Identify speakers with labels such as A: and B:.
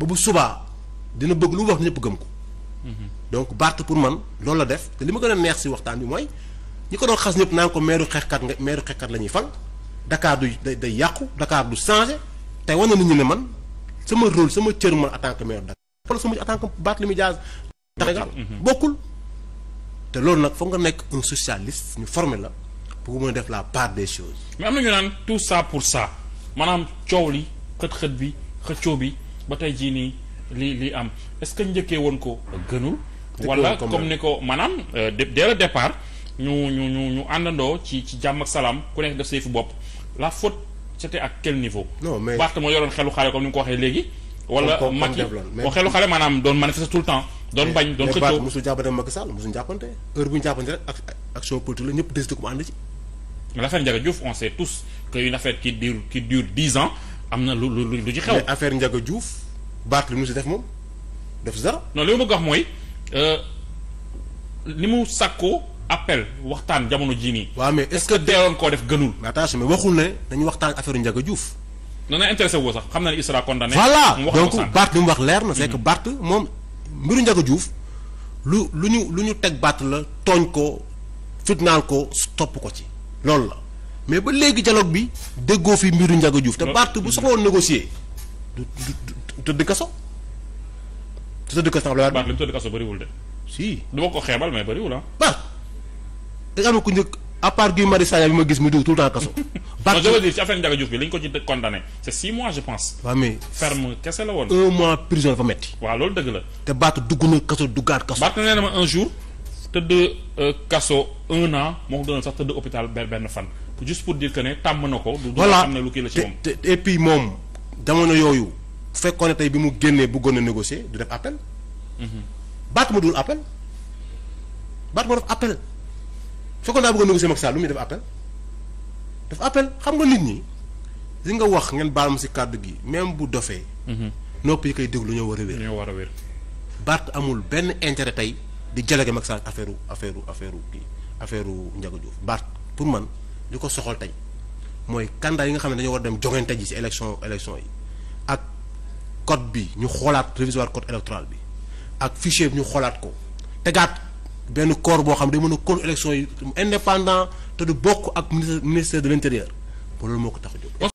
A: ba bu subaa dina bëgg lu mu wax ñëpp gëm ko. donc baat pour man loolu la def te li ma gën a neex si waxtaan bi mooy ñi ko doon xas ñëpp naa ko meeru xeexkat nga meeru xeexkat la ñuy fal Dakar du day day yàqu Dakar du changé tey wane nañu ne man sama rôle sama cër man en tant que maire Dakar wala sama en tant que Barthélémy Dias Sénégal mm-hmm. Mm-hmm. bokkul te loolu nag foog nga nekk un socialiste ñu formé la pour mën def la part des choses
B: mais am na ñu naan tout saa pour ça maanaam coow li xët-xët bi xëccoo bi ba tey jii nii li li am est-ce que njëkkee woon ko gënul wala comme ni ko maanaam euh, de le départ ñu ñu ñu ñu àndandoo ci ci jàmm ak salaam ku nekk def say fu bopp la faute c'était à quel niveau Barth moo yoroon xelu xale waxee léegi
A: wala Macky boo xelu xale
B: maanaam doon manifester tout le temps doon bañ doon xëccoo mosul
A: jàppante Macky Sall mosul jàppante heure bu jàppante rek ak action politique la ñëpp décidé ko mu ànd ci l'affaire Ndiaga Diouf
B: on sait tous que une affaire qui dure qui dure dix am na lu lu lu ci xew. mais affaire Ndiaga Diouf Barth li mu si def moom def si dara. non li wax mooy euh, ni mu sàkkoo appel waxtaan jamono jii nii. waaw mais est-ce que teeloon koo def gënul. mais
A: attention waxul ne dañu waxtaan affaire Ndiaga Diouf.
B: dana intéressé woo sax xam na ne il sera condamné. voilà donc
A: Barth li wax leer na. c'est que mm-hmm. Barth moom mbiru Ndiaga Diouf lu lu ñu lu ñu teg Barth la tooñ ko fitnaal ko topp ko ci loolu la mais ba léegi dialogue bi. déggoo fi mbiru Ndiaga Diouf te Barth bu soxoon négocier du du tëdd kaso du tëdd kaso la tëdd kaso bëriwul si du ko xeebal mais bëriwul ah Barth am ku njëkk à part Guy ma gis mu dugg tout le temps kaso
B: Barth je veux bi lañ ko ci condamné mois je pense
A: waaw mais ferme
B: kese la woon un
A: mois prison dafa metti waaw loolu dëgg la te Barth dugg na kaso duggaat kaso Barth nee na ma un jour
B: tëdd euh, kaso un an moo ko gënal sax tëdd hôpital benn fan juste pour dire que tàmm na ko. du xam ne lu kii la ci moom
A: et puis jamono yooyu fekkoon ne tey bi mu génnee bëggoon a négocier du def appel. Mhm. baat ma dul appel baat ma def appel fekkoon daa bëgg négocier Macky Sall lu muy def appel def appel xam nga nit ñi li nga wax ngeen baal ma si kàddu gi même bu dofee. Mhm. nopp yi koy déglu ñoo a wér. ñoo war a wér. baat amul benn intere tey di jëlee Macky Sall affaire affaire affaire kii affaire Ndiaga baat pour man. li ko soxal tey mooy candidat yi nga xam ne dañoo war dem jongante ji ci élection élection yi ak code bi ñu xoolaat révisoire code électoral bi ak fichier bi ñu xoolaat ko tegaat benn core boo xam ne day mën a kon élection yi indépendant te du bokk ak ministère de l'intérieur loolu moo ko tax a